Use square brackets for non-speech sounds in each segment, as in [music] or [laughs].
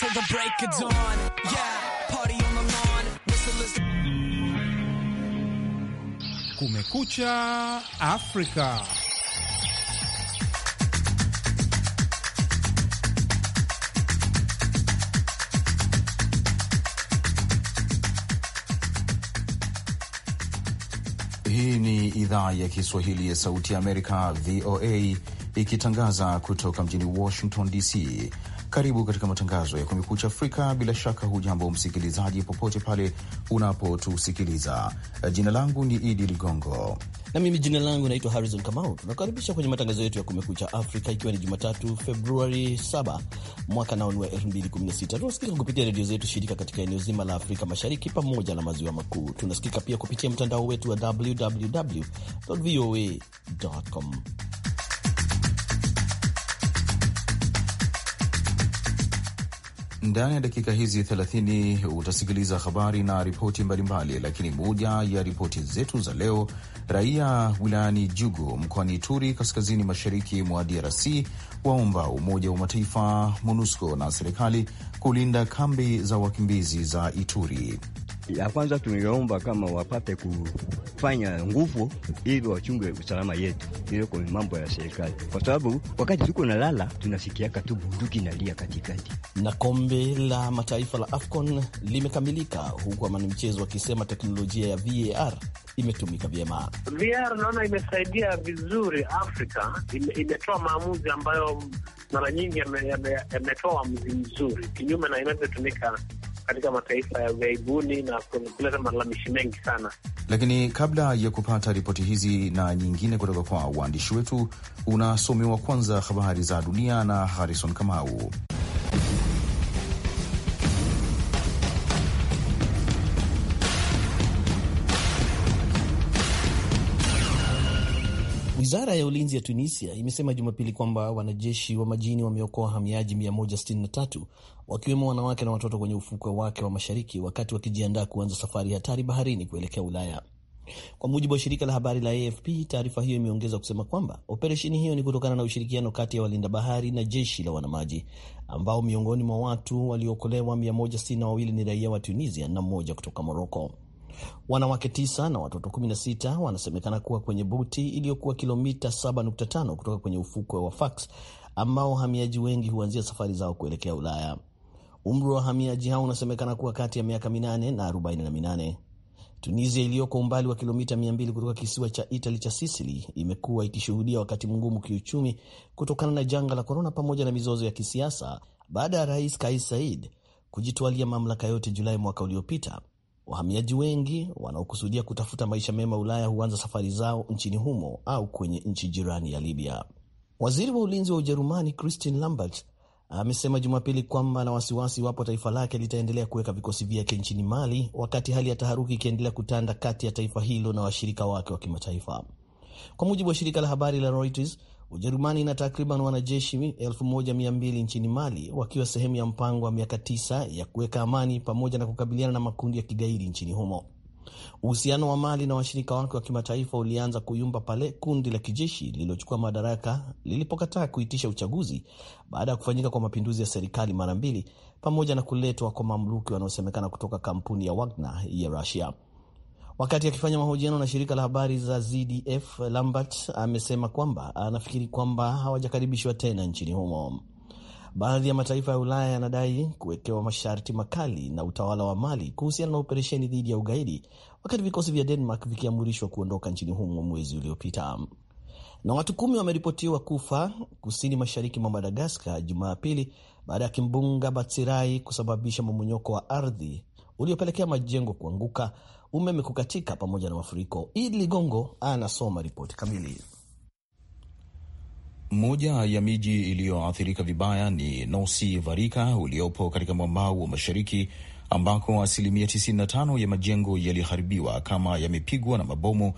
till the break of dawn. Yeah, party on the lawn. Whistle Kumekucha Afrika. Hii ni idhaa ya Kiswahili ya Sauti ya Amerika, VOA, ikitangaza kutoka mjini Washington DC. Karibu katika matangazo ya Kumekucha Afrika. Bila shaka, hujambo msikilizaji, popote pale unapotusikiliza. Jina langu ni Idi Ligongo na mimi jina langu naitwa Harrison Kamau. Tunakaribisha kwenye matangazo yetu ya Kumekucha Afrika, ikiwa ni Jumatatu Februari 7 mwaka naoni wa 2016. Tunasikika kupitia redio zetu shirika katika eneo zima la Afrika Mashariki pamoja na maziwa makuu. Tunasikika pia kupitia mtandao wetu wa www voa com Ndani ya dakika hizi 30 utasikiliza habari na ripoti mbalimbali, lakini moja ya ripoti zetu za leo, raia wilayani Jugu mkoani Ituri, kaskazini mashariki mwa DRC waomba Umoja wa Mataifa, MONUSCO na serikali kulinda kambi za wakimbizi za Ituri ya kwanza tumeomba kama wapate kufanya nguvu ili wachunge usalama yetu, ile kwa mambo ya serikali, kwa sababu wakati tuko nalala tunasikiaka tu bunduki nalia katikati. Na kombe la mataifa la AFCON limekamilika huku amani mchezo wakisema teknolojia ya VAR imetumika vyema. VAR naona imesaidia vizuri Afrika, imetoa maamuzi ambayo mara nyingi yametoa mzi mzuri, kinyume na inavyotumika katika mataifa ya ughaibuni na kuleta malalamishi mengi sana. Lakini kabla ya kupata ripoti hizi na nyingine kutoka kwa waandishi wetu, unasomewa kwanza habari za dunia na Harrison Kamau. Wizara ya ulinzi ya Tunisia imesema Jumapili kwamba wanajeshi wa majini wameokoa wahamiaji 163 wakiwemo wanawake na watoto kwenye ufukwe wake wa mashariki wakati wakijiandaa kuanza safari hatari baharini kuelekea Ulaya. Kwa mujibu wa shirika la habari la AFP, taarifa hiyo imeongeza kusema kwamba operesheni hiyo ni kutokana na ushirikiano kati ya walinda bahari na jeshi la wanamaji, ambao miongoni mwa watu waliookolewa 162 ni raia wa Tunisia na mmoja kutoka Moroko. Wanawake tisa na watoto 16 wanasemekana kuwa kwenye boti iliyokuwa kilomita 7.5 kutoka kwenye ufukwe wa Fax ambao wahamiaji wengi huanzia safari zao kuelekea Ulaya. Umri wa wahamiaji hao unasemekana kuwa kati ya miaka 8 na 48. Tunisia iliyoko umbali wa kilomita 200 kutoka kisiwa cha Itali cha Sisili imekuwa ikishuhudia wakati mgumu kiuchumi kutokana na janga la korona pamoja na mizozo ya kisiasa baada ya rais Kais Said kujitwalia mamlaka yote Julai mwaka uliopita Wahamiaji wengi wanaokusudia kutafuta maisha mema Ulaya huanza safari zao nchini humo au kwenye nchi jirani ya Libya. Waziri wa ulinzi wa Ujerumani Christine Lambert amesema Jumapili kwamba na wasiwasi iwapo taifa lake litaendelea kuweka vikosi vyake nchini Mali, wakati hali ya taharuki ikiendelea kutanda kati ya taifa hilo na washirika wake wa kimataifa. Kwa mujibu wa shirika la habari la Reuters, Ujerumani ina takriban wanajeshi 1200 nchini Mali, wakiwa sehemu ya mpango wa miaka 9 ya kuweka amani pamoja na kukabiliana na makundi ya kigaidi nchini humo. Uhusiano wa Mali na washirika wake wa kimataifa ulianza kuyumba pale kundi la kijeshi lililochukua madaraka lilipokataa kuitisha uchaguzi baada ya kufanyika kwa mapinduzi ya serikali mara mbili, pamoja na kuletwa kwa mamluki wanaosemekana kutoka kampuni ya Wagner ya Russia. Wakati akifanya mahojiano na shirika la habari za ZDF, Lambert amesema kwamba anafikiri kwamba hawajakaribishwa tena nchini humo. Baadhi ya mataifa ya Ulaya yanadai kuwekewa masharti makali na utawala wa Mali kuhusiana na operesheni dhidi ya ugaidi, wakati vikosi vya Denmark vikiamrishwa kuondoka nchini humo mwezi uliopita. Na watu kumi wameripotiwa kufa kusini mashariki mwa Madagaskar Jumapili baada ya kimbunga Batsirai kusababisha mamonyoko wa ardhi uliopelekea majengo kuanguka umeme kukatika pamoja na mafuriko. Idi Ligongo anasoma ripoti kamili. Moja ya miji iliyoathirika vibaya ni Nosi Varika uliopo katika mwambao wa mashariki ambako asilimia 95 ya majengo yaliyoharibiwa kama yamepigwa na mabomu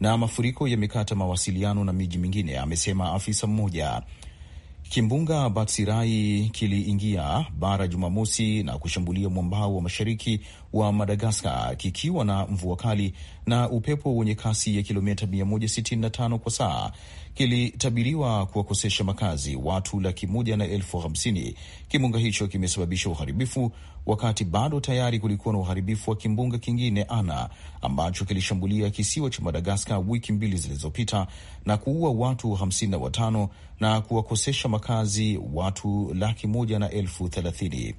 na mafuriko yamekata mawasiliano na miji mingine, amesema afisa mmoja. Kimbunga Batsirai kiliingia bara Jumamosi na kushambulia mwambao wa mashariki wa Madagaskar kikiwa na mvua kali na upepo wenye kasi ya kilomita 165 kwa saa kilitabiriwa kuwakosesha makazi watu laki moja na elfu hamsini. Kimbunga hicho kimesababisha uharibifu, wakati bado tayari kulikuwa na uharibifu wa kimbunga kingine Ana ambacho kilishambulia kisiwa cha Madagaskar wiki mbili zilizopita na kuua watu 55 na kuwakosesha makazi watu laki moja na elfu thelathini.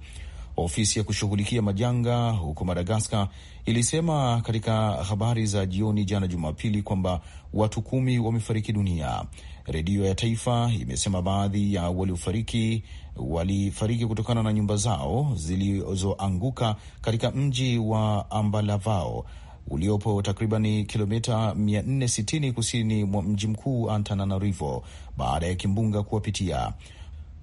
Ofisi ya kushughulikia majanga huko Madagaskar ilisema katika habari za jioni jana Jumapili kwamba watu kumi wamefariki dunia. Redio ya taifa imesema baadhi ya waliofariki walifariki kutokana na nyumba zao zilizoanguka katika mji wa Ambalavao uliopo takribani kilomita 460 kusini mwa mji mkuu Antananarivo baada ya kimbunga kuwapitia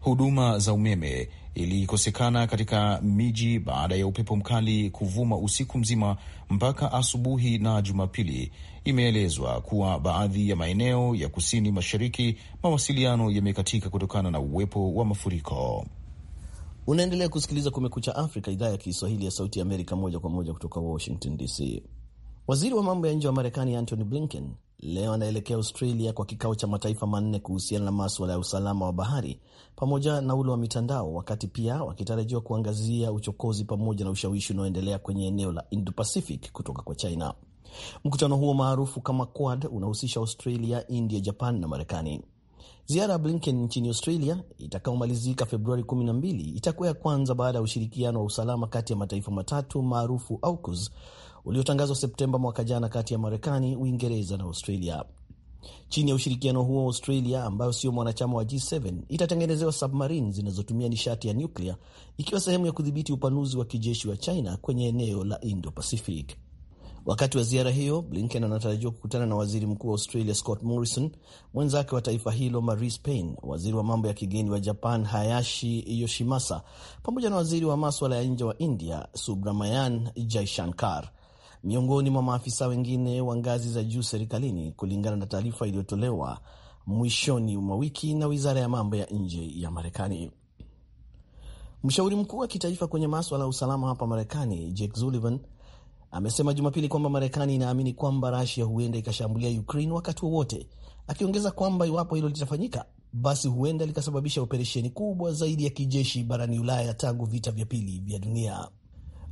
huduma za umeme ilikosekana katika miji baada ya upepo mkali kuvuma usiku mzima mpaka asubuhi, na Jumapili imeelezwa kuwa baadhi ya maeneo ya kusini mashariki mawasiliano yamekatika kutokana na uwepo wa mafuriko. Unaendelea kusikiliza Kumekucha Afrika, idhaa ya Kiswahili ya Sauti ya Amerika, moja kwa moja kutoka Washington DC. Waziri wa mambo ya nje wa Marekani Antony Blinken leo anaelekea Australia kwa kikao cha mataifa manne kuhusiana na maswala ya usalama wa bahari pamoja na ule wa mitandao, wakati pia wakitarajiwa kuangazia uchokozi pamoja na ushawishi unaoendelea kwenye eneo la Indo-Pacific kutoka kwa China. Mkutano huo maarufu kama Quad unahusisha Australia, India, Japan na Marekani. Ziara ya Blinken nchini Australia itakaomalizika Februari 12 itakuwa ya kwanza baada ya ushirikiano wa usalama kati ya mataifa matatu maarufu AUKUS uliotangazwa Septemba mwaka jana kati ya Marekani, Uingereza na Australia. Chini ya ushirikiano huo, Australia ambayo sio mwanachama wa G7 itatengenezewa submarini zinazotumia nishati ya nyuklia, ikiwa sehemu ya kudhibiti upanuzi wa kijeshi wa China kwenye eneo la Indo-Pacific. Wakati wa ziara hiyo, Blinken anatarajiwa kukutana na waziri mkuu wa Australia Scott Morrison, mwenzake wa taifa hilo Marise Payne, waziri wa mambo ya kigeni wa Japan Hayashi Yoshimasa, pamoja na waziri wa maswala ya nje wa India Subramayan Jaishankar miongoni mwa maafisa wengine wa ngazi za juu serikalini, kulingana na taarifa iliyotolewa mwishoni mwa wiki na wizara ya mambo ya nje ya Marekani. Mshauri mkuu wa kitaifa kwenye maswala ya usalama hapa Marekani, Jake Sullivan amesema Jumapili kwamba Marekani inaamini kwamba Rasia huenda ikashambulia Ukraine wakati wowote, akiongeza kwamba iwapo hilo litafanyika, basi huenda likasababisha operesheni kubwa zaidi ya kijeshi barani Ulaya tangu vita vya pili vya dunia.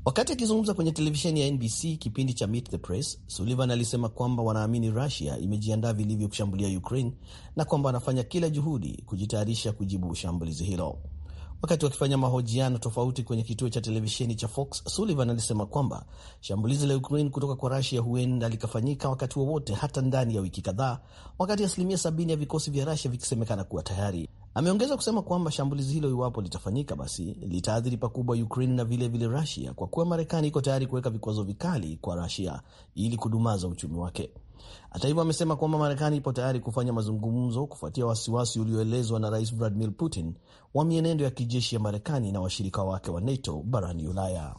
Wakati akizungumza kwenye televisheni ya NBC kipindi cha Meet the Press, Sullivan alisema kwamba wanaamini Russia imejiandaa vilivyo kushambulia Ukraine na kwamba wanafanya kila juhudi kujitayarisha kujibu shambulizi hilo. Wakati wakifanya mahojiano tofauti kwenye kituo cha televisheni cha Fox, Sullivan alisema kwamba shambulizi la Ukraine kutoka kwa Russia huenda likafanyika wakati wowote, hata ndani ya wiki kadhaa, wakati asilimia sabini ya vikosi vya Russia vikisemekana kuwa tayari. Ameongeza kusema kwamba shambulizi hilo, iwapo litafanyika, basi litaathiri pakubwa Ukraine na vilevile Rusia, kwa kuwa Marekani iko tayari kuweka vikwazo vikali kwa Rusia ili kudumaza uchumi wake. Hata hivyo, amesema kwamba Marekani ipo tayari kufanya mazungumzo kufuatia wasiwasi ulioelezwa na Rais Vladimir Putin wa mienendo ya kijeshi ya Marekani na washirika wake wa NATO barani Ulaya.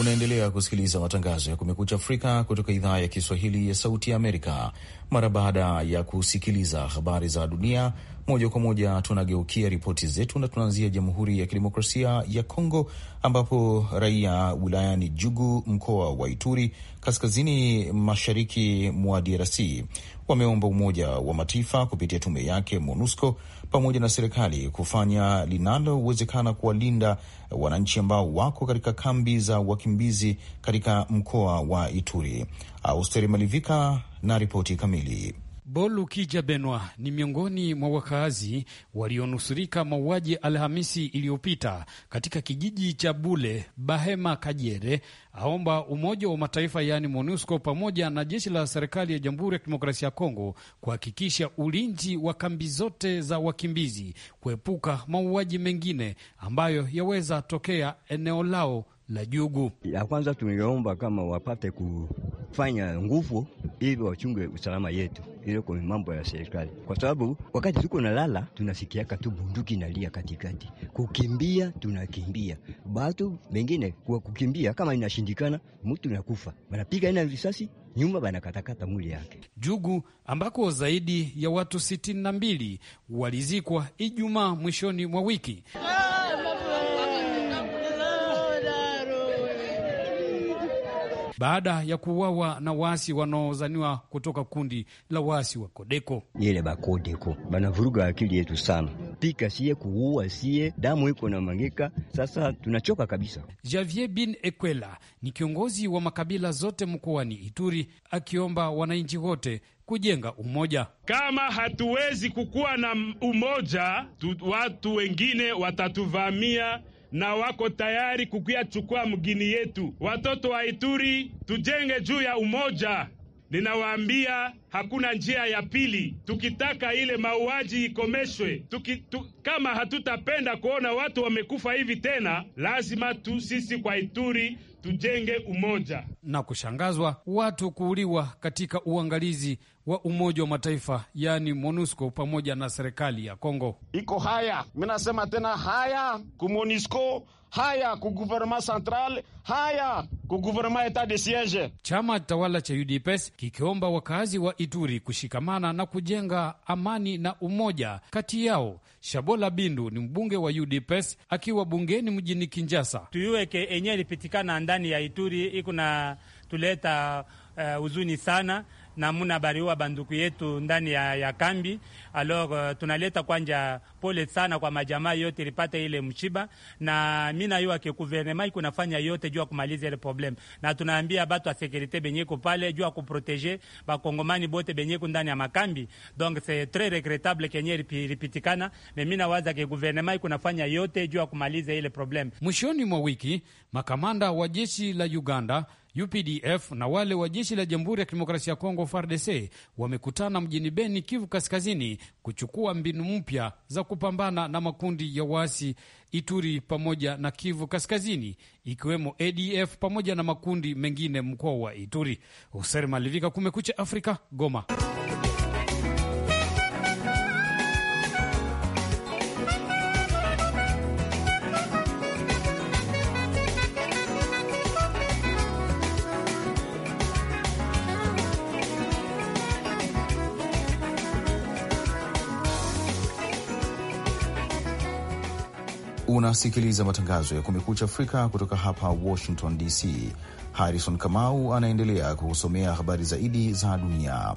Unaendelea kusikiliza matangazo ya Kumekucha Afrika kutoka idhaa ya Kiswahili ya Sauti ya Amerika. Mara baada ya kusikiliza habari za dunia moja kwa moja, tunageukia ripoti zetu na tunaanzia Jamhuri ya Kidemokrasia ya Kongo, ambapo raia wilayani Jugu, mkoa wa Ituri, kaskazini mashariki mwa DRC wameomba Umoja wa Mataifa kupitia tume yake MONUSCO pamoja na serikali kufanya linalowezekana kuwalinda wananchi ambao wako katika kambi za wakimbizi katika mkoa wa Ituri. Austeri Malivika na ripoti kamili. Bolu Kija Benwa ni miongoni mwa wakaazi walionusurika mauaji Alhamisi iliyopita katika kijiji cha Bule Bahema Kajere. Aomba Umoja wa Mataifa yaani MONUSCO pamoja na jeshi la serikali ya Jamhuri ya Kidemokrasia ya Kongo kuhakikisha ulinzi wa kambi zote za wakimbizi, kuepuka mauaji mengine ambayo yaweza tokea eneo lao la Jugu. Ya kwanza tumeomba kama wapate ku kufanya nguvu ili wachunge usalama yetu, ile kwa mambo ya serikali, kwa sababu wakati tuko nalala tunasikiaka tu bunduki nalia katikati, kukimbia tunakimbia, batu bengine kwa kukimbia, kama inashindikana mtu nakufa, wanapiga ina risasi nyuma banakatakata mwili yake. Jugu ambako zaidi ya watu sitini na mbili walizikwa Ijumaa mwishoni mwa wiki baada ya kuuawa na waasi wanaozaniwa kutoka kundi la waasi wa Kodeko. Yele bakodeko banavuruga akili yetu sana, pika siye kuua siye, damu iko na mangika, sasa tunachoka kabisa. Javier Bin Ekwela ni kiongozi wa makabila zote mkoani Ituri, akiomba wananchi wote kujenga umoja. Kama hatuwezi kukuwa na umoja tu, watu wengine watatuvamia na wako tayari kukuya chukua mgini yetu. Watoto wa Ituri, tujenge juu ya umoja Ninawaambia hakuna njia ya pili. Tukitaka ile mauaji ikomeshwe, tuki, tu, kama hatutapenda kuona watu wamekufa hivi tena, lazima tu sisi kwa Ituri tujenge umoja. Na kushangazwa watu kuuliwa katika uangalizi wa Umoja wa Mataifa yaani MONUSCO pamoja na serikali ya Kongo. Iko haya, minasema tena haya kuMONUSCO haya ku gouvernement central, haya ku gouvernement etat de siege. Chama tawala cha UDPS kikiomba wakazi wa Ituri kushikamana na kujenga amani na umoja kati yao. Shabola Bindu ni mbunge wa UDPS akiwa bungeni mjini Kinjasa. tuiweke enyewe ilipitikana ndani ya Ituri ikuna tuleta uh, eh, uzuni sana namuna bariwa banduku yetu ndani ya, ya kambi. Alors uh, tunaleta kwanja pole sana kwa majamaa yote lipata ile mchiba, na mimi naiwa ke gouvernement iko nafanya yote juu kumaliza ile problem, na tunaambia batu wa securite benye ko pale juu ku proteger ba kongomani bote benye ko ndani ya makambi. Donc c'est très regrettable kenye lipitikana, mimi nawaza ke gouvernement iko nafanya yote juu kumaliza ile problem. Mwishoni mwa wiki makamanda wa jeshi la Uganda UPDF na wale wa jeshi la Jamhuri ya Kidemokrasia ya Kongo FARDC wamekutana mjini Beni, Kivu Kaskazini, kuchukua mbinu mpya za kupambana na makundi ya waasi Ituri pamoja na Kivu Kaskazini, ikiwemo ADF pamoja na makundi mengine mkoa wa Ituri. Hoser Malivika, Kumekucha Afrika, Goma. Unasikiliza matangazo ya Kumekucha Afrika kutoka hapa Washington DC. Harrison Kamau anaendelea kukusomea habari zaidi za dunia.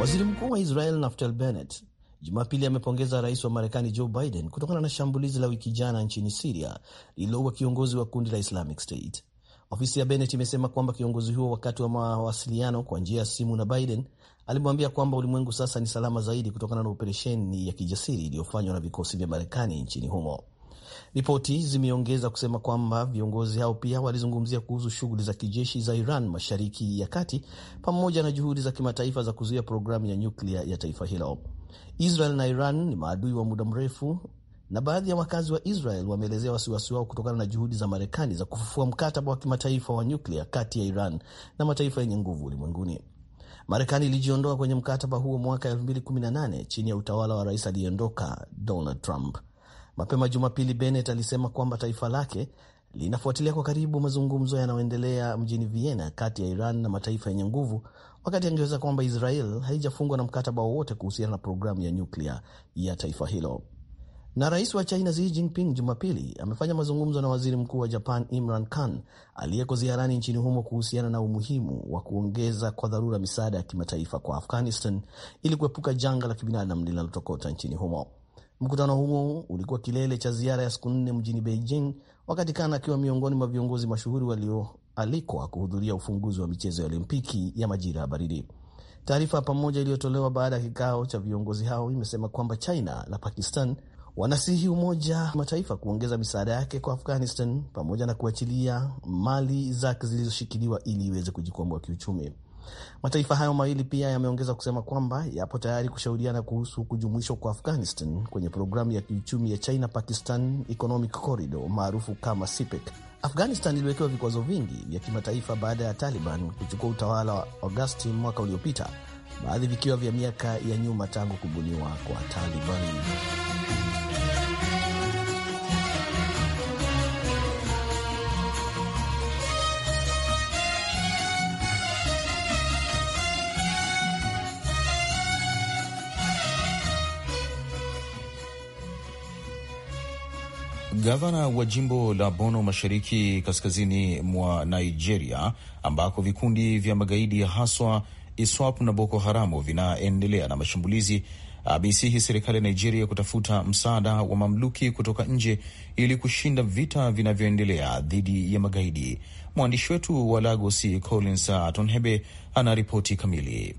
Waziri Mkuu wa Israel Naftali Bennett Jumapili amepongeza rais wa Marekani Joe Biden kutokana na shambulizi la wiki jana nchini Siria lililoua kiongozi wa kundi la Islamic State. Ofisi ya Bennett imesema kwamba kiongozi huo, wakati wa mawasiliano kwa njia ya simu na Biden, alimwambia kwamba ulimwengu sasa ni salama zaidi kutokana na operesheni ya kijasiri iliyofanywa na vikosi vya Marekani nchini humo. Ripoti zimeongeza kusema kwamba viongozi hao pia walizungumzia kuhusu shughuli za kijeshi za Iran mashariki ya kati pamoja na juhudi za kimataifa za kuzuia programu ya nyuklia ya taifa hilo. Israel na Iran ni maadui wa muda mrefu, na baadhi ya wakazi wa Israel wameelezea wasiwasi wao kutokana na juhudi za Marekani za kufufua mkataba wa kimataifa wa nyuklia kati ya Iran na mataifa yenye nguvu ulimwenguni. Marekani ilijiondoa kwenye mkataba huo mwaka 2018 chini ya utawala wa rais aliyeondoka Donald Trump. Mapema Jumapili, Bennett alisema kwamba taifa lake linafuatilia kwa karibu mazungumzo yanayoendelea mjini Vienna kati ya Iran na mataifa yenye nguvu, wakati angeweza kwamba Israel haijafungwa na mkataba wowote kuhusiana na programu ya nyuklia ya taifa hilo. Na rais wa China Xi Jinping Jumapili amefanya mazungumzo na waziri mkuu wa Japan Imran Khan aliyeko ziarani nchini humo kuhusiana na umuhimu wa kuongeza kwa dharura misaada ya kimataifa kwa Afghanistan ili kuepuka janga la kibinadamu linalotokota nchini humo. Mkutano huo ulikuwa kilele cha ziara ya siku nne mjini Beijing, wakati Khan akiwa miongoni mwa viongozi mashuhuri walioalikwa kuhudhuria ufunguzi wa michezo ya Olimpiki ya majira ya baridi. Taarifa pamoja iliyotolewa baada ya kikao cha viongozi hao imesema kwamba China na Pakistan wanasihi Umoja Mataifa kuongeza misaada yake kwa Afghanistan pamoja na kuachilia mali zake zilizoshikiliwa ili iweze kujikwamua kiuchumi. Mataifa hayo mawili pia yameongeza kusema kwamba yapo tayari kushauriana kuhusu kujumuishwa kwa Afghanistan kwenye programu ya kiuchumi ya China Pakistan Economic Corridor maarufu kama CPEC. Afghanistan iliwekewa vikwazo vingi vya kimataifa baada ya Taliban kuchukua utawala wa Agosti mwaka uliopita, baadhi vikiwa vya miaka ya nyuma tangu kubuniwa kwa Taliban. Gavana wa jimbo la Bono Mashariki, kaskazini mwa Nigeria, ambako vikundi vya magaidi haswa ISWAP na Boko Haramu vinaendelea na mashambulizi Ah, ameisihi serikali ya Nigeria kutafuta msaada wa mamluki kutoka nje ili kushinda vita vinavyoendelea dhidi ya magaidi. Mwandishi wetu wa Lagosi Collins Atonhebe anaripoti kamili.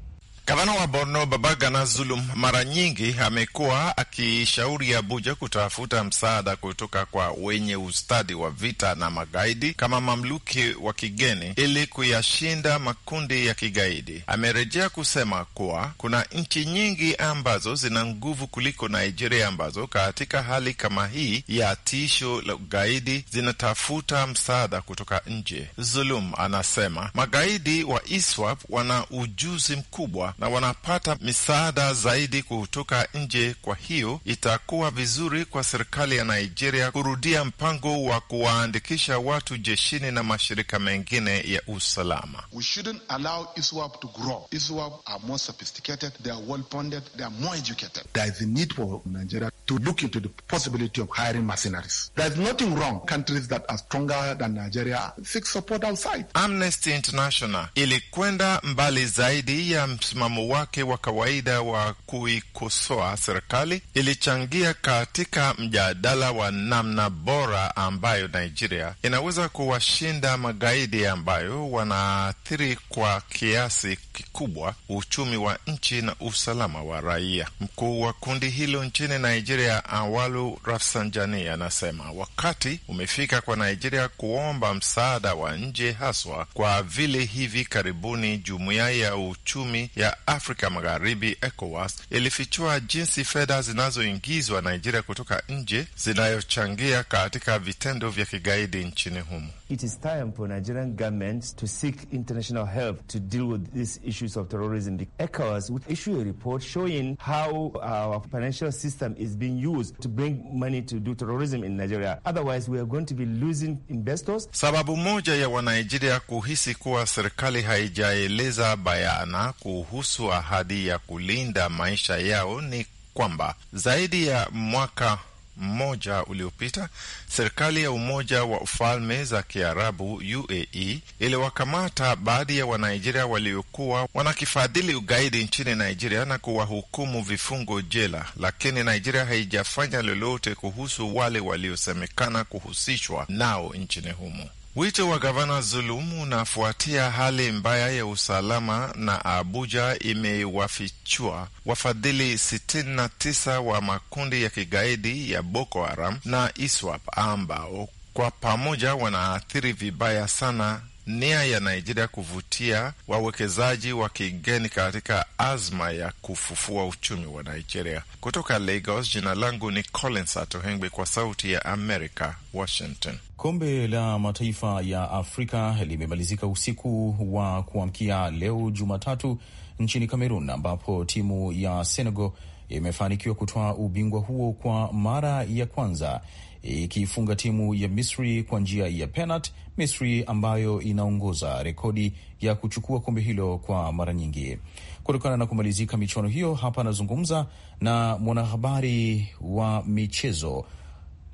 Gavana wa Borno Babagana Zulum mara nyingi amekuwa akishauri Abuja kutafuta msaada kutoka kwa wenye ustadi wa vita na magaidi kama mamluki wa kigeni ili kuyashinda makundi ya kigaidi. Amerejea kusema kuwa kuna nchi nyingi ambazo zina nguvu kuliko Nigeria ambazo katika hali kama hii ya tisho la ugaidi zinatafuta msaada kutoka nje. Zulum anasema magaidi wa ISWAP wana ujuzi mkubwa na wanapata misaada zaidi kutoka nje. Kwa hiyo itakuwa vizuri kwa serikali ya Nigeria kurudia mpango wa kuwaandikisha watu jeshini na mashirika mengine ya usalama. We shouldn't allow ISWAP to grow. ISWAP are more sophisticated, they are well funded, they are more educated. There is a need for Nigeria to look into the possibility of hiring mercenaries. There's nothing wrong. Countries that are stronger than Nigeria seek support outside. Amnesty International ilikwenda mbali zaidi ya msimamo wake wa kawaida wa kuikosoa serikali, ilichangia katika mjadala wa namna bora ambayo Nigeria inaweza kuwashinda magaidi ambayo wanaathiri kwa kiasi kikubwa uchumi wa nchi na usalama wa raia. Mkuu wa kundi hilo nchini Nigeria Nigeria Awalu uh, Rafsanjani anasema wakati umefika kwa Nigeria kuomba msaada wa nje, haswa kwa vile hivi karibuni jumuiya ya uchumi ya Afrika Magharibi ECOWAS ilifichua jinsi fedha zinazoingizwa Nigeria kutoka nje zinayochangia katika vitendo vya kigaidi nchini humo. It is time for Nigerian government to seek international help to deal with these issues of terrorism. ECOWAS would issue a report showing how our financial system is being used to bring money to do terrorism in Nigeria. Otherwise, we are going to be losing investors. Sababu moja ya Wanaijeria kuhisi kuwa serikali haijaeleza bayana kuhusu ahadi ya kulinda maisha yao ni kwamba zaidi ya mwaka mmoja uliopita, serikali ya Umoja wa ufalme za Kiarabu UAE iliwakamata baadhi ya Wanigeria waliokuwa wanakifadhili ugaidi nchini Nigeria na kuwahukumu vifungo jela, lakini Nigeria haijafanya lolote kuhusu wale waliosemekana kuhusishwa nao nchini humo. Wito wa gavana Zulum unafuatia hali mbaya ya usalama na Abuja imewafichua wafadhili 69 wa makundi ya kigaidi ya Boko Haram na ISWAP ambao kwa pamoja wanaathiri vibaya sana nia ya Nigeria kuvutia wawekezaji wa kigeni katika azma ya kufufua uchumi wa Nigeria. Kutoka Lagos, jina langu ni Collins Atohengwi, kwa Sauti ya america Washington. Kombe la Mataifa ya Afrika limemalizika usiku wa kuamkia leo Jumatatu nchini Kamerun, ambapo timu ya Senegal imefanikiwa kutoa ubingwa huo kwa mara ya kwanza ikiifunga timu ya Misri kwa njia ya penalti, Misri ambayo inaongoza rekodi ya kuchukua kombe hilo kwa mara nyingi. Kutokana na kumalizika michuano hiyo, hapa anazungumza na mwanahabari wa michezo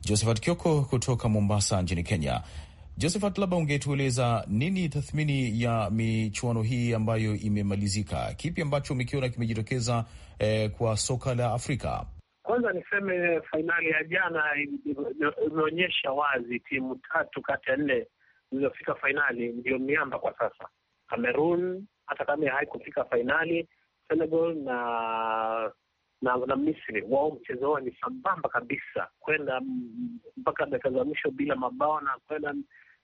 Josephat Kioko kutoka Mombasa nchini Kenya. Josephat, labda ungetueleza nini tathmini ya michuano hii ambayo imemalizika? Kipi ambacho umekiona kimejitokeza eh, kwa soka la Afrika? Kwanza niseme fainali ya jana imeonyesha wazi timu tatu kati ya nne zilizofika fainali ndio miamba kwa sasa. Cameroon hata kama haikufika fainali, Senegal na na, na Misri wao mchezo wao ni sambamba kabisa, kwenda mpaka dakika za mwisho bila mabao na kwenda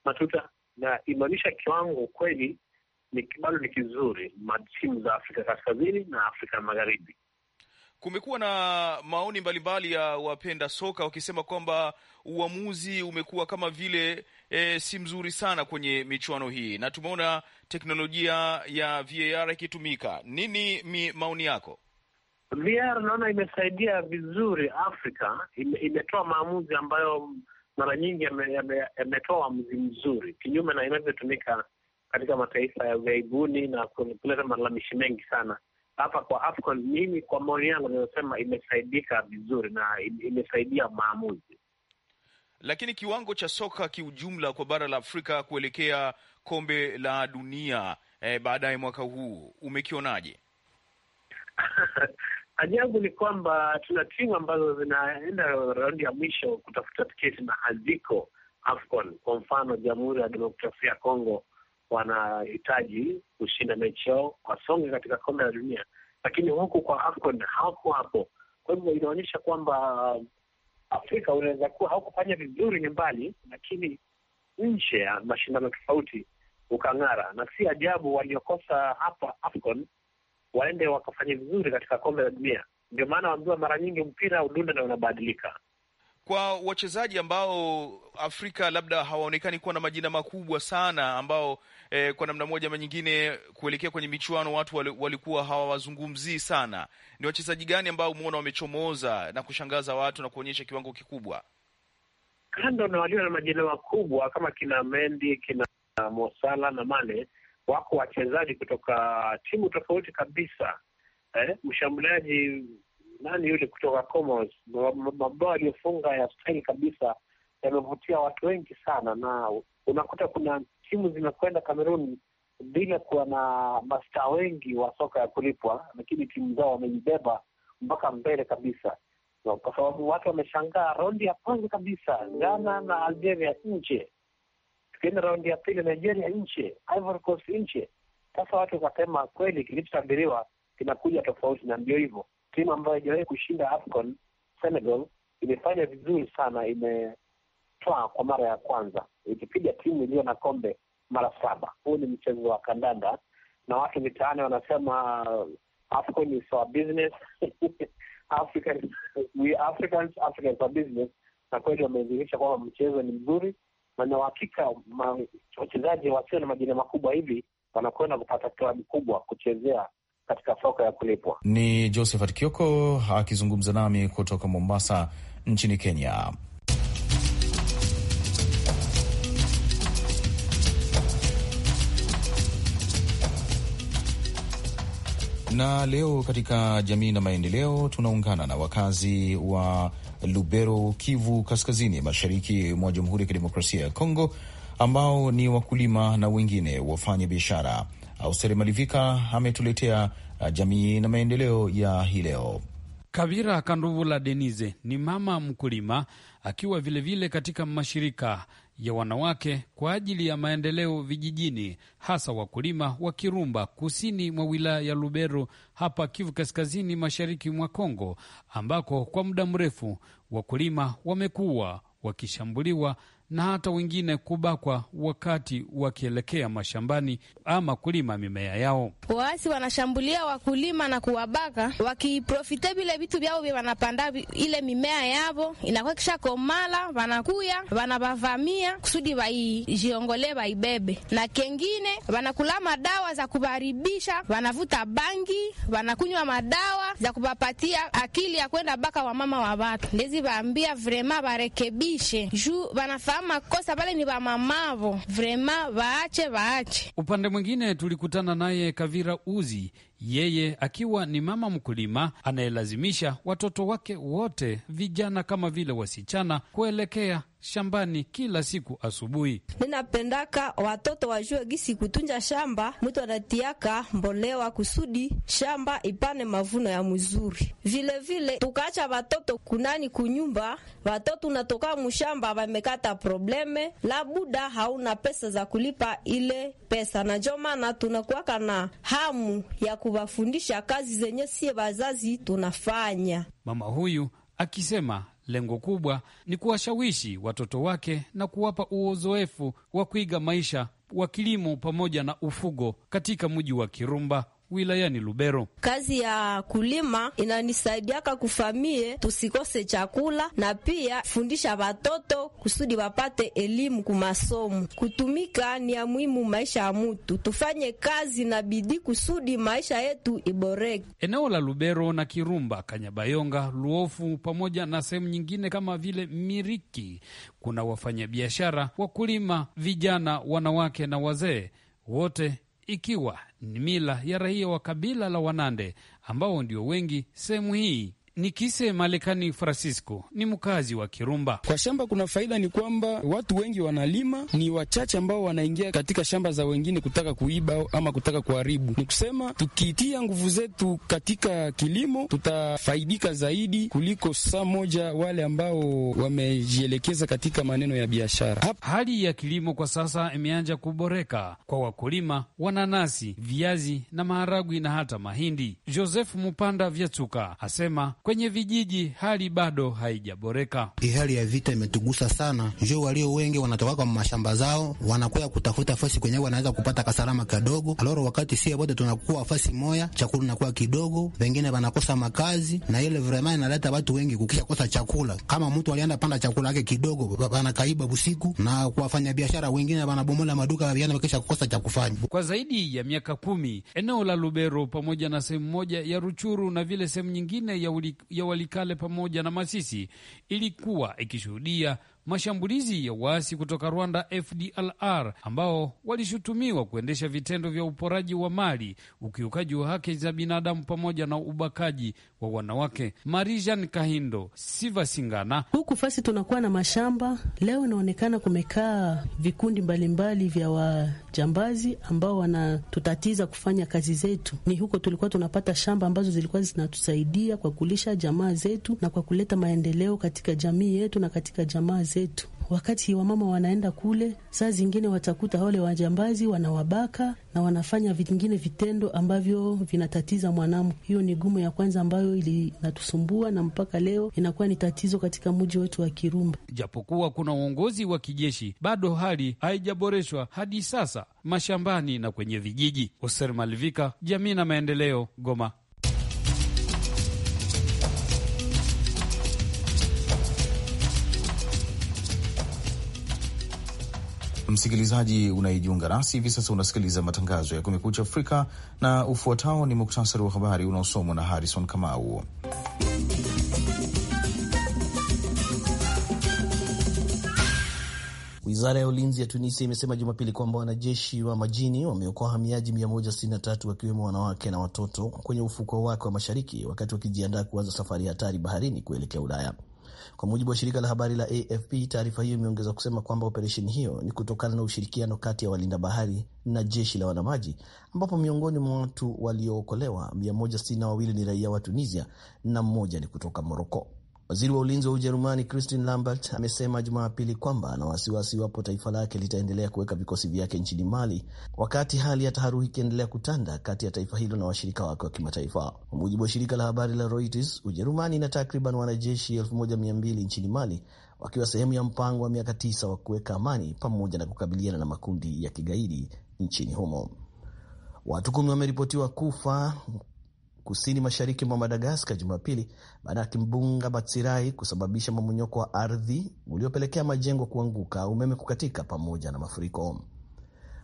matuta, na imeonyesha kiwango kweli ni bado ni kizuri matimu za Afrika Kaskazini na Afrika Magharibi. Kumekuwa na maoni mbalimbali ya wapenda soka wakisema kwamba uamuzi umekuwa kama vile e, si mzuri sana kwenye michuano hii, na tumeona teknolojia ya VAR ikitumika. Nini mi maoni yako? VAR naona imesaidia vizuri Afrika, imetoa maamuzi ambayo mara nyingi yametoa uamuzi mzuri, kinyume na inavyotumika katika mataifa ya ughaibuni na kuleta malalamishi mengi sana hapa kwa AFCON, mimi kwa maoni yangu ninasema imesaidika vizuri na imesaidia maamuzi, lakini kiwango cha soka kiujumla kwa bara la Afrika kuelekea kombe la dunia eh, baadaye mwaka huu umekionaje? Ajabu [laughs] ni kwamba tuna timu ambazo zinaenda raundi ya mwisho kutafuta tiketi na haziko AFCON. Kwa mfano Jamhuri ya Demokrasia ya Kongo wanahitaji kushinda mechi yao wasonge katika kombe la dunia, lakini huku kwa AFCON hawako hapo. Kwa hivyo inaonyesha kwamba uh, Afrika unaweza kuwa haukufanya vizuri nyumbani, lakini nje ya mashindano tofauti ukang'ara, na si ajabu waliokosa hapa AFCON waende wakafanya vizuri katika kombe la dunia. Ndio maana waambiwa mara nyingi mpira udunda na unabadilika kwa wachezaji ambao Afrika labda hawaonekani kuwa na majina makubwa sana, ambao e, kwa namna moja ama nyingine kuelekea kwenye michuano watu walikuwa hawawazungumzii sana, ni wachezaji gani ambao umeona wamechomoza na kushangaza watu na kuonyesha kiwango kikubwa, kando na walio na majina makubwa kama kina Mendy, kina Mosala na Mane? Wako wachezaji kutoka timu tofauti kabisa eh, mshambuliaji nani yule kutoka Comoros, mabao aliyofunga ya staili kabisa, yamevutia watu wengi sana, na unakuta kuna timu zimekwenda Cameroon bila kuwa na masta wengi wa soka ya kulipwa, lakini timu zao wamejibeba mpaka mbele kabisa, no, kwa sababu watu wameshangaa. Raundi ya kwanza kabisa Ghana na Algeria nje, tukienda raundi ya pili Nigeria nje, Ivory Coast nje. Sasa watu wakasema kweli kilichotabiriwa kinakuja tofauti, na ndio hivyo timu ambayo haijawahi kushinda AFCON, Senegal, imefanya vizuri sana, imetwaa kwa mara ya kwanza ikipiga timu iliyo na kombe mara saba. Huu ni mchezo wa kandanda na watu mitaani wanasema uh, AFCON is our business [laughs] African, we Africans, Africans are business. Na kweli wamedhihirisha kwamba mchezo ni mzuri na na uhakika wachezaji wasio na majina makubwa hivi wanakwenda kupata klabu kubwa kuchezea katika soko ya kulipwa. Ni Josephat Kioko akizungumza nami kutoka Mombasa nchini Kenya. Na leo katika jamii na maendeleo tunaungana na wakazi wa Lubero, Kivu Kaskazini, mashariki mwa Jamhuri ya Kidemokrasia ya Kongo, ambao ni wakulima na wengine wafanya biashara. Auseri uh, Malivika ametuletea uh, jamii na maendeleo ya hii leo. Kavira Kanduvula Denize ni mama mkulima akiwa vilevile vile katika mashirika ya wanawake kwa ajili ya maendeleo vijijini, hasa wakulima wa Kirumba kusini mwa wilaya ya Lubero hapa Kivu kaskazini mashariki mwa Kongo, ambako kwa muda mrefu wakulima wamekuwa wakishambuliwa na hata wengine kubakwa wakati wakielekea mashambani ama kulima mimea yao. Waasi wanashambulia wakulima na kuwabaka, wakiprofite vile vitu vyao vya wanapanda ile mimea yavo, inakuwa kisha komala, wanakuya wanavavamia kusudi vaijiongole waibebe, na kengine wanakula madawa za kuvaribisha, wanavuta bangi, wanakunywa madawa za kuvapatia akili ya kwenda baka wamama wa watu ndezi vaambia vrema varekebishe juu wanafahamu makosa pale ni vamamavo vrema, vaache vaache. Upande mwingine tulikutana naye Kavira Uzi, yeye akiwa ni mama mkulima anayelazimisha watoto wake wote vijana kama vile wasichana kuelekea shambani kila siku asubuhi. Ninapendaka watoto wajue gisi kutunja shamba, mtu anatiaka mbolewa kusudi shamba ipane mavuno ya mzuri. Vilevile tukaacha watoto kunani kunyumba, watoto unatoka mushamba wamekata probleme, labuda hauna pesa za kulipa ile pesa, na njo tunakuwaka na hamu ya ku kuwafundisha kazi zenye sie wazazi tunafanya. Mama huyu akisema lengo kubwa ni kuwashawishi watoto wake na kuwapa uzoefu wa kuiga maisha wa kilimo pamoja na ufugo katika mji wa Kirumba wilayani Lubero. Kazi ya kulima inanisaidiaka kufamie tusikose chakula na pia fundisha watoto kusudi wapate elimu kumasomo. Kutumika ni ya muhimu maisha ya mutu, tufanye kazi na bidii kusudi maisha yetu iboreke. Eneo la Lubero na Kirumba, Kanyabayonga, Luofu pamoja na sehemu nyingine kama vile Miriki kuna wafanyabiashara, wakulima, vijana, wanawake na wazee wote ikiwa ni mila ya raia wa kabila la Wanande ambao ndio wengi sehemu hii Nikise Malekani Francisco ni mkazi wa Kirumba. Kwa shamba kuna faida ni kwamba watu wengi wanalima, ni wachache ambao wanaingia katika shamba za wengine kutaka kuiba ama kutaka kuharibu. Ni kusema tukitia nguvu zetu katika kilimo tutafaidika zaidi kuliko saa moja wale ambao wamejielekeza katika maneno ya biashara. Hali ya kilimo kwa sasa imeanza kuboreka kwa wakulima wananasi, viazi na maharagwi na hata mahindi. Joseph Mupanda Vyatuka asema kwenye vijiji hali bado haijaboreka. Hii hali ya vita imetugusa sana, njo walio wengi wanatoka kwa mashamba zao wanakuya kutafuta fasi kwenye wanaweza kupata kasalama kadogo aloro, wakati sie wote tunakuwa fasi moya, chakula nakuwa kidogo, vengine wanakosa makazi, na ile vrema inaleta watu wengi kukisha kosa chakula. Kama mtu alienda panda chakula yake kidogo, wanakaiba busiku na kuwafanya biashara wengine wanabomola maduka, vijana wakisha kukosa cha kufanya. Kwa zaidi ya miaka kumi eneo la Lubero pamoja na sehemu moja ya Ruchuru na vile sehemu nyingine ya Uli ya Walikale pamoja na Masisi ilikuwa ikishuhudia mashambulizi ya waasi kutoka Rwanda FDLR ambao walishutumiwa kuendesha vitendo vya uporaji wa mali, ukiukaji wa haki za binadamu pamoja na ubakaji wa wanawake. Marijan Kahindo Siva Singana. Huku fasi tunakuwa na mashamba leo, inaonekana kumekaa vikundi mbalimbali vya wajambazi ambao wanatutatiza kufanya kazi zetu. Ni huko tulikuwa tunapata shamba ambazo zilikuwa zinatusaidia kwa kulisha jamaa zetu na kwa kuleta maendeleo katika jamii yetu na katika jamaa zetu. Wakati wamama wanaenda kule, saa zingine watakuta wale wajambazi wanawabaka na wanafanya vingine vitendo ambavyo vinatatiza mwanamke. Hiyo ni gumu ya kwanza ambayo inatusumbua na mpaka leo inakuwa ni tatizo katika mji wetu wa Kirumba. Japokuwa kuna uongozi wa kijeshi, bado hali haijaboreshwa hadi sasa mashambani na kwenye vijiji. Hoser Malivika, jamii na maendeleo, Goma. Msikilizaji unayejiunga nasi hivi sasa, unasikiliza matangazo ya Kumekucha Afrika na ufuatao ni muktasari wa habari unaosomwa na Harrison Kamau. Wizara ya ulinzi ya Tunisia imesema Jumapili kwamba wanajeshi wa majini wameokoa wahamiaji 163 wakiwemo wanawake na watoto kwenye ufuko wake wa mashariki wakati wakijiandaa kuanza safari hatari baharini kuelekea Ulaya. Kwa mujibu wa shirika la habari la AFP, taarifa hiyo imeongeza kusema kwamba operesheni hiyo ni kutokana na ushirikiano kati ya walinda bahari na jeshi la wanamaji, ambapo miongoni mwa watu waliookolewa 162 ni raia wa Tunisia na mmoja ni kutoka Moroko. Waziri wa ulinzi wa Ujerumani christin Lambert amesema Jumapili kwamba ana wasiwasi iwapo taifa lake litaendelea kuweka vikosi vyake nchini Mali, wakati hali ya taharuhi ikiendelea kutanda kati ya taifa hilo na washirika wake wa kimataifa. Kwa mujibu wa shirika la habari la Reuters, Ujerumani ina takriban wanajeshi 1200 nchini Mali, wakiwa sehemu ya mpango wa miaka tisa wa kuweka amani pamoja na kukabiliana na makundi ya kigaidi nchini humo. Watu kumi wameripotiwa kufa kusini mashariki mwa Madagaskar Jumapili baada ya kimbunga Batsirai kusababisha mamonyoko wa ardhi uliopelekea majengo kuanguka, umeme kukatika, pamoja na mafuriko.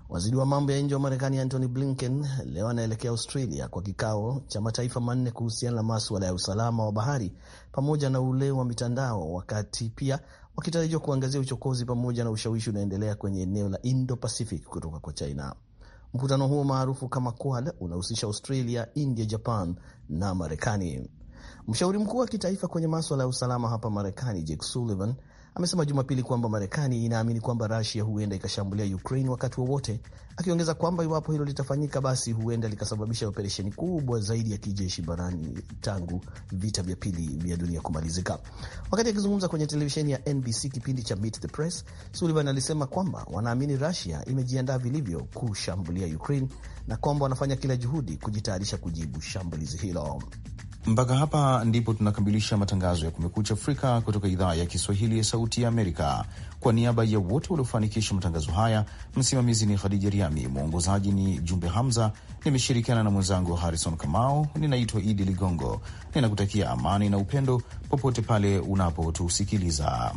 Waziri wa mambo ya nje wa Marekani Antony Blinken leo anaelekea Australia kwa kikao cha mataifa manne kuhusiana na maswala ya usalama wa bahari pamoja na ule wa mitandao, wakati pia wakitarajiwa kuangazia uchokozi pamoja na ushawishi unaendelea kwenye eneo la Indo Pacific kutoka kwa China. Mkutano huo maarufu kama Quad unahusisha Australia, India, Japan na Marekani. Mshauri mkuu wa kitaifa kwenye maswala ya usalama hapa Marekani, Jake Sullivan amesema Jumapili kwamba Marekani inaamini kwamba Rusia huenda ikashambulia Ukraine wakati wowote akiongeza kwamba iwapo hilo litafanyika, basi huenda likasababisha operesheni kubwa zaidi ya kijeshi barani tangu vita vya pili vya dunia kumalizika. Wakati akizungumza kwenye televisheni ya NBC kipindi cha Meet the Press, Sullivan alisema kwamba wanaamini Rusia imejiandaa vilivyo kushambulia Ukraine na kwamba wanafanya kila juhudi kujitayarisha kujibu shambulizi hilo. Mpaka hapa ndipo tunakamilisha matangazo ya Kumekucha Afrika kutoka idhaa ya Kiswahili ya Sauti ya Amerika. Kwa niaba ya wote waliofanikisha matangazo haya, msimamizi ni Khadija Riami, mwongozaji ni Jumbe Hamza. Nimeshirikiana na mwenzangu Harrison Kamau. Ninaitwa Idi Ligongo, ninakutakia amani na upendo popote pale unapotusikiliza.